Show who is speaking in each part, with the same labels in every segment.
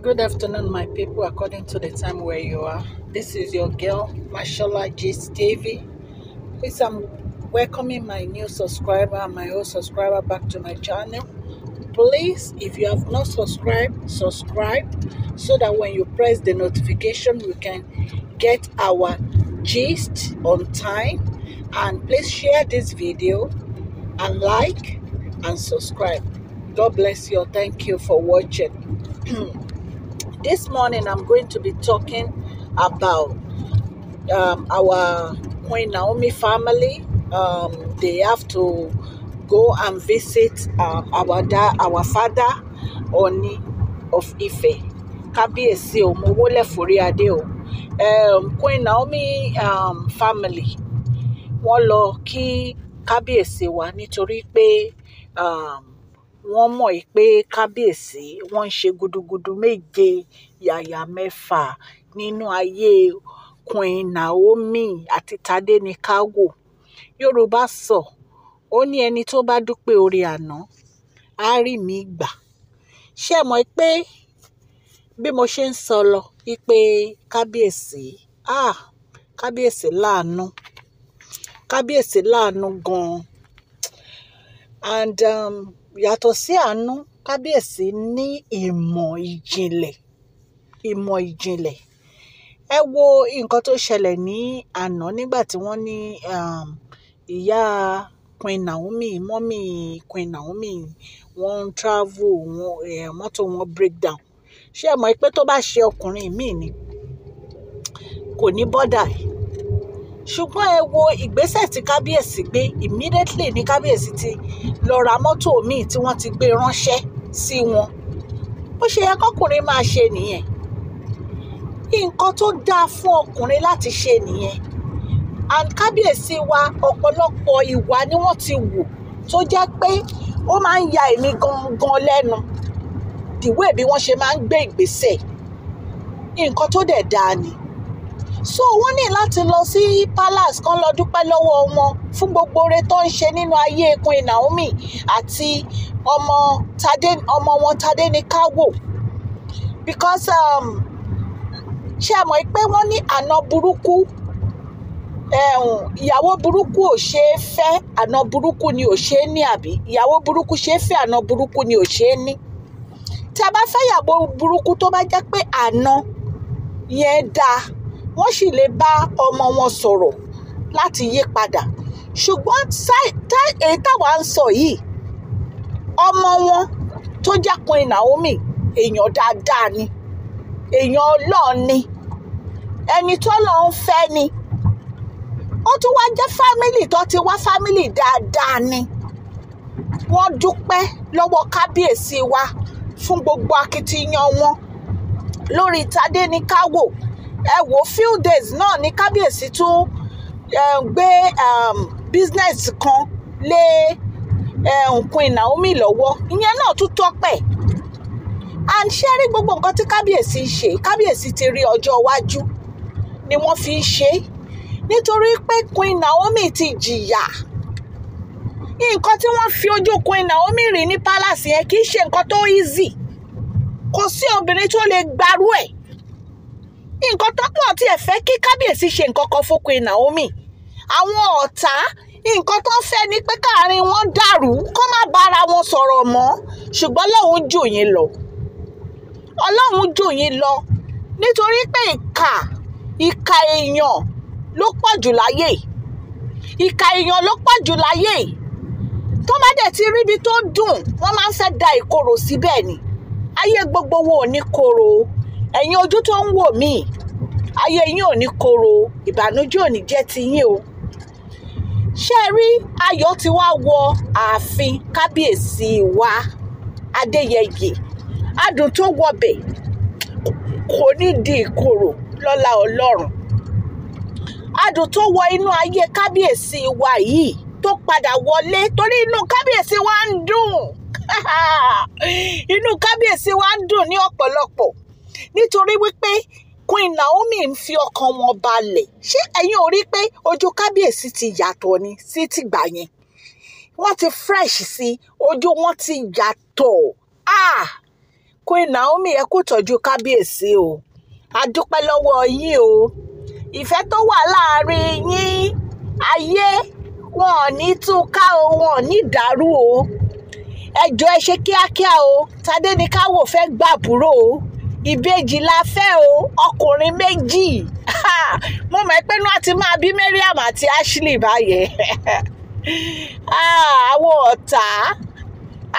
Speaker 1: Good afternoon, my people, according to the time where you are. This is your girl, Mashallah J Stevie. Please, I'm welcoming my new subscriber and my old subscriber back to my channel. Please, if you have not subscribed, subscribe so that when you press the notification, you can get our gist on time. And please share this video and like and subscribe. God bless you. Thank you for watching. This morning, I'm going to be talking about um, our Queen Naomi family. Um, they have to go and visit um, our da- our father Oni of Ife. Kábíyèsí o, mo forí adé o. Um, Queen Naomi um, family wọ́n lọ kí kábíyèsí wa nítorí pé um, wọ́n mọ̀ pé kábíyèsí wọ́n ń ṣe gudugudu méje yàyà mẹ́fà nínú ayé queen naomi àti tádéníkàwò yorùbá sọ ó ní ẹni tó bá dúpẹ́ orí àná á rí mi gbà ṣé ẹ mọ̀ pé bí mo ṣe ń sọ lọ wípé kábíyèsí ah kábíyèsí láàánú kábíyèsí láàánú gan-an and um, yàtọ̀ sí àánú kábíyèsí ní ìmọ̀ ìjìnlẹ̀ ìmọ̀ ìjìnlẹ̀ ẹ wo nǹkan tó ṣẹlẹ̀ ní àná nígbà tí wọ́n ní um, ìyá Queen Naomi mọ́mì Queen Naomi wọ́n ń travel wọn eh, mọ́tò wọn break down ṣé ẹ mọ̀ pé tó bá ṣe ọkùnrin míì ni kò ní bọ́dà ṣùgbọ́n ẹ wo ìgbésẹ̀ tí kábíyèsí gbé immediately ní kábíyèsí ti. Kabiesi, lọ ra mọ́tò míì tí wọ́n ti gbé ránṣẹ́ sí wọn bó ṣe yẹ kọkùnrin máa ṣe nìyẹn nǹkan tó dáa fún ọkùnrin láti ṣe nìyẹn and kábíyèsí wa ọ̀pọ̀lọpọ̀ ìwà ni wọ́n ti wò tó jẹ́ pé ó máa ń ya èmi gangan lẹ́nu the way bí wọ́n ṣe máa ń gbé ìgbésẹ̀ nǹkan tó dẹ̀ dáa ni so wọ́n ní láti lọ sí palace kan lọ dúpẹ́ lọ́wọ́ wọn fún gbogbo oore tó ń ṣe nínú ayé Queen Naomi àti ọmọ tadé ọmọ wọn tadé ní káwò because um ẹ mọ̀ pé wọ́n ní àná burúkú um, ìyàwó burúkú ò ṣe é fẹ́ àná burúkú ni ò ṣe é ní àbí ìyàwó burúkú ṣe é fẹ́ àná burúkú ni ò ṣe é ní tí a bá fẹ́ ìyàwó burúkú tó bá jẹ́ pé àná yẹn dáa wọ́n sì lè bá ọmọ wọn sọ̀rọ̀ láti yí padà ṣùgbọ́n èyí táwa ń sọ yìí ọmọ wọn tó jápọn Naomi èèyàn dáadáa ni èèyàn ọlọ́ọ̀ ni ẹni tó lọ́ọ́ ń fẹ́ ni ó tún wá jẹ́ fámìlì tó ti wá fámìlì dáadáa ni wọ́n dúpẹ́ lọ́wọ́ kábíyèsí wa fún gbogbo akitiyan wọn lórí Tádéníkáwò ẹ wò few days náà ni kábíyèsí tún eh, gbé um, business kan lé eh, Queen Naomi lọ́wọ́ ìyẹn náà tún tọ́pẹ̀ and ṣé rí gbogbo nǹkan tí kábíyèsí ń ṣe kábíyèsí ti rí ọjọ́ iwájú ni wọ́n fi ń ṣe nítorí pé Queen Naomi ti jìyà nǹkan tí wọ́n fi ojú Queen Naomi rí ní palace yẹn kì í ṣe nǹkan tó easy kò sí obìnrin tó lè gbarú ẹ̀ nǹkan tó pọ̀ tiẹ̀ fẹ́ kí kábíyèsí ṣe nǹkan kan fókun Naomi àwọn ọ̀tá nǹkan tó fẹ́ ni pé káàrin wọn dàrú kó má bára wọn sọ̀rọ̀ mọ́ ṣùgbọ́n Ọlọ́run jù yín lọ Ọlọ́run jù yín lọ nítorí pé ìkà ìkà èèyàn ló pọ̀ jù láyé ìkà èèyàn ló pọ̀ jù láyé tó má dẹ̀ ti ríbi tó dùn wọ́n máa ń fẹ́ da ìkorò síbẹ̀ ni ayé gbogbo wo ò ní korò o ẹ̀yin ojú tó ń wò mí ayé yín ò ní korò ìbànújẹ́ ò ní jẹ́ ti yín o ṣé ẹ rí ayọ̀ ti wá wọ ààfin kábíyèsí wa adéyẹyẹ adùn tó wọbẹ̀ kò ní di ìkorò lọ́lá ọlọ́run adùn tó wọ inú ayé kábíyèsí wa yìí tó padà wọlé torí inú kábíyèsí wa ń dùn inú kábíyèsí wa ń dùn ní ọ̀pọ̀lọpọ̀ nítorí wípé Queen Naomi ń fi ọkàn wọn balẹ̀ ṣé ẹ̀yin ò rí pé ojú kábíyèsí ti yàtọ̀ ni sí tìgbà yẹn wọ́n ti fresh sí ojú wọn ti yàtọ̀ ah Queen Naomi ẹ kú tọ́jú kábíyèsí o adúpẹ́ lọ́wọ́ yín o ìfẹ́ tó wà láàrin yín ayé wọn ò ní túká o wọn ò ní dàrú o ẹjọ́ ẹ ṣe kíákíá o Tádéníkáwò fẹ́ gbàbúrò o ìbejì la fẹ́ o ọkùnrin méjì mo mọ̀ pé náà ti máa bí Mariam àti Ashley báyẹn àwọn ọ̀tá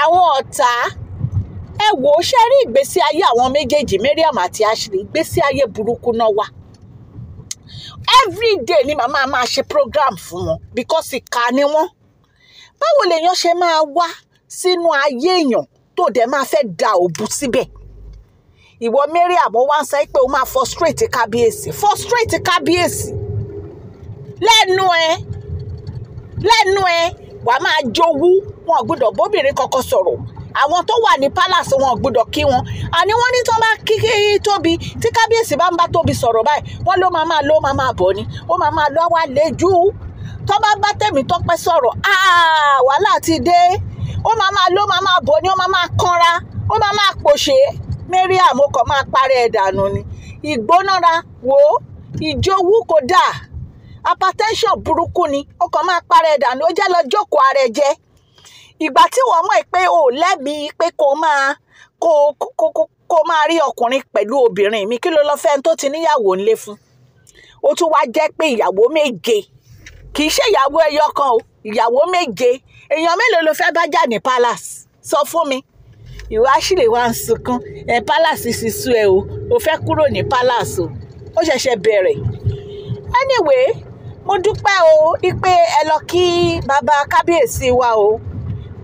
Speaker 1: àwọn ọ̀tá ẹ wò ó ṣe rí ìgbésí ayé àwọn méjèèjì Mariam àti Ashley ìgbésí ayé burúkú náà wà everyday ni màmá máa ṣe program fún wọn because ìka ni wọn báwo lèèyàn ṣe máa wá sínú ayé èèyàn tó dẹ̀ máa fẹ́ da òbu síbẹ̀. Si ìwọ Mariam wá ń sọ pé o máa frustrate kábíyèsí frustrate kábíyèsí lẹ́nu ẹ lẹ́nu ẹ wà á máa jowú wọn ò gbọ́dọ̀ bóbìnrin kankan sọ̀rọ̀ àwọn tó wà ní palace wọn ò gbọ́dọ̀ kí wọn àní wọ́n ní tó bá kí tóbi tí kábíyèsí bá ń bá tóbi sọ̀rọ̀ báyìí wọ́n ló máa máa ló máa máa bọ̀ ni ó máa máa lọ́ wá léjú tó bá bá tẹ̀mí tọ́pẹ́ sọ̀rọ̀ wàhálà ti dé ó máa máa ló máa máa bọ̀ ni ó máa máa kanra ó máa máa pòṣe mariam ó kàn máa parẹ́ ẹ̀ dànù ni ìgbónára wò ó ìjowú kò dáa hypertension burúkú ni ó kàn máa parẹ́ ẹ̀ dànù ó jẹ́ lọ jókòó ara ẹ̀ jẹ́ ìgbà tí wọ́n mọ̀ pé ò lẹ́mìí pé kò máa kò kò kò máa rí ọkùnrin pẹ̀lú obìnrin mi kí ló lọ fẹ́ tó ti níyàwó ńlé fún ó tún wá jẹ́ pé ìyàwó méje kì í ṣe ìyàwó ẹyọ kan o ìyàwó méje èèyàn mélòó ló fẹ́ bá jà ní palace sọ fún mi ìwà ṣìlè wá ń sunkún ẹ palace sì sú ẹ o ò fẹ́ kúrò ní palace ó ṣẹ̀ṣẹ̀ bẹ̀rẹ̀ anyway mo dúpẹ́ o ipe ẹ lọ kí bàbá kábíyèsí wa o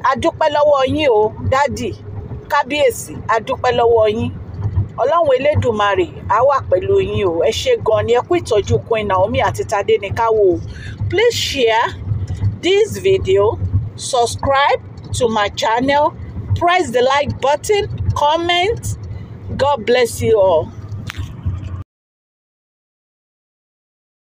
Speaker 1: a dúpẹ́ lọ́wọ́ yín o dádì kábíyèsí a dúpẹ́ lọ́wọ́ yín ọlọ́run elédùnmarè á wà pẹ̀lú yín o ẹ ṣe gan ni ẹ kú ìtọ́jú Queen Naomi àti Tadenikawo o please share this video subscribe to my channel press the like button, comment. God bless you all.